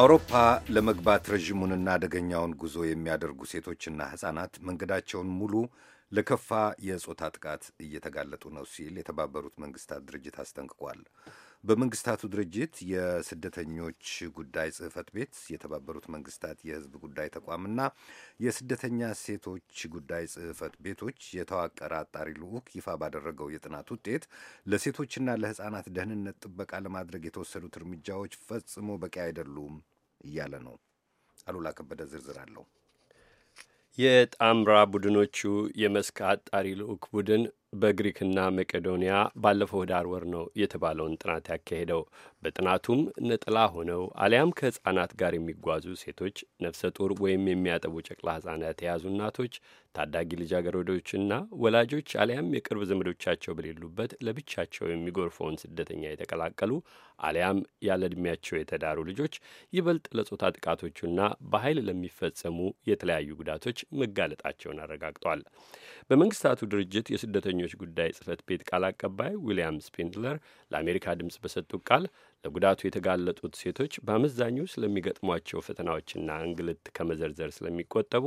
አውሮፓ ለመግባት ረዥሙንና አደገኛውን ጉዞ የሚያደርጉ ሴቶችና ሕፃናት መንገዳቸውን ሙሉ ለከፋ የጾታ ጥቃት እየተጋለጡ ነው ሲል የተባበሩት መንግስታት ድርጅት አስጠንቅቋል። በመንግስታቱ ድርጅት የስደተኞች ጉዳይ ጽህፈት ቤት የተባበሩት መንግስታት የህዝብ ጉዳይ ተቋምና የስደተኛ ሴቶች ጉዳይ ጽህፈት ቤቶች የተዋቀረ አጣሪ ልዑክ ይፋ ባደረገው የጥናት ውጤት ለሴቶችና ለህፃናት ደህንነት ጥበቃ ለማድረግ የተወሰዱት እርምጃዎች ፈጽሞ በቂ አይደሉም እያለ ነው። አሉላ ከበደ ዝርዝር አለው። የጣምራ ቡድኖቹ የመስክ አጣሪ ልዑክ ቡድን በግሪክና መቄዶንያ ባለፈው ህዳር ወር ነው የተባለውን ጥናት ያካሄደው። በጥናቱም ነጠላ ሆነው አሊያም ከህጻናት ጋር የሚጓዙ ሴቶች፣ ነፍሰ ጡር ወይም የሚያጠቡ ጨቅላ ህጻናት የያዙ እናቶች፣ ታዳጊ ልጃገረዶችና ወላጆች አሊያም የቅርብ ዘመዶቻቸው በሌሉበት ለብቻቸው የሚጎርፈውን ስደተኛ የተቀላቀሉ አሊያም ያለ ዕድሜያቸው የተዳሩ ልጆች ይበልጥ ለጾታ ጥቃቶቹና በኃይል ለሚፈጸሙ የተለያዩ ጉዳቶች መጋለጣቸውን አረጋግጧል። በመንግስታቱ ድርጅት የስደተኞ የስደተኞች ጉዳይ ጽህፈት ቤት ቃል አቀባይ ዊልያም ስፔንድለር ለአሜሪካ ድምፅ በሰጡት ቃል ለጉዳቱ የተጋለጡት ሴቶች በአመዛኙ ስለሚገጥሟቸው ፈተናዎችና እንግልት ከመዘርዘር ስለሚቆጠቡ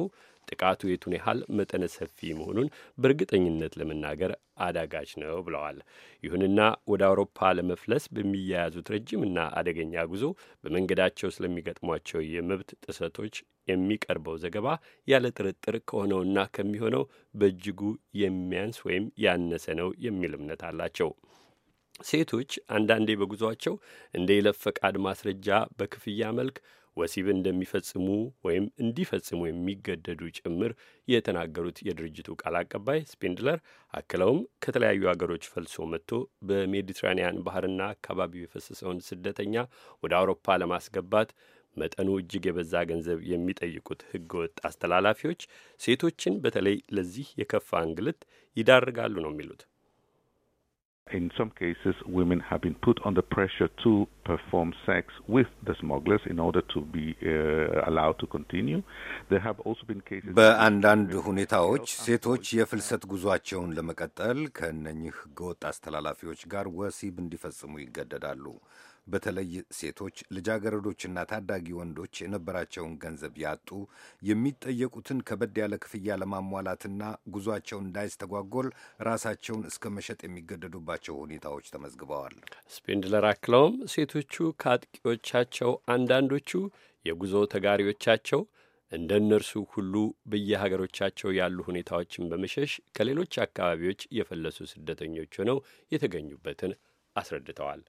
ጥቃቱ የቱን ያህል መጠነ ሰፊ መሆኑን በእርግጠኝነት ለመናገር አዳጋች ነው ብለዋል። ይሁንና ወደ አውሮፓ ለመፍለስ በሚያያዙት ረጅምና አደገኛ ጉዞ በመንገዳቸው ስለሚገጥሟቸው የመብት ጥሰቶች የሚቀርበው ዘገባ ያለ ጥርጥር ከሆነውና ከሚሆነው በእጅጉ የሚያንስ ወይም ያነሰ ነው የሚል እምነት አላቸው። ሴቶች አንዳንዴ በጉዟቸው እንደ የይለፍ ፈቃድ ማስረጃ በክፍያ መልክ ወሲብ እንደሚፈጽሙ ወይም እንዲፈጽሙ የሚገደዱ ጭምር የተናገሩት የድርጅቱ ቃል አቀባይ ስፔንድለር አክለውም ከተለያዩ አገሮች ፈልሶ መጥቶ በሜዲትራኒያን ባህርና አካባቢው የፈሰሰውን ስደተኛ ወደ አውሮፓ ለማስገባት መጠኑ እጅግ የበዛ ገንዘብ የሚጠይቁት ህገወጥ አስተላላፊዎች ሴቶችን በተለይ ለዚህ የከፋ እንግልት ይዳርጋሉ ነው የሚሉት። in some cases, women have been put under pressure to perform sex with the smugglers in order to be uh, allowed to continue. There have also been cases በአንዳንድ ሁኔታዎች ሴቶች የፍልሰት ጉዟቸውን ለመቀጠል ከእነኚህ ህገወጥ አስተላላፊዎች ጋር ወሲብ እንዲፈጽሙ ይገደዳሉ። በተለይ ሴቶች፣ ልጃገረዶችና ታዳጊ ወንዶች የነበራቸውን ገንዘብ ያጡ የሚጠየቁትን ከበድ ያለ ክፍያ ለማሟላትና ጉዟቸው እንዳይስተጓጎል ራሳቸውን እስከ መሸጥ የሚገደዱባቸው ያለባቸው ሁኔታዎች ተመዝግበዋል። ስፔንድለር አክለውም ሴቶቹ ከአጥቂዎቻቸው አንዳንዶቹ የጉዞ ተጋሪዎቻቸው እንደ እነርሱ ሁሉ በየሀገሮቻቸው ያሉ ሁኔታዎችን በመሸሽ ከሌሎች አካባቢዎች የፈለሱ ስደተኞች ሆነው የተገኙበትን አስረድተዋል።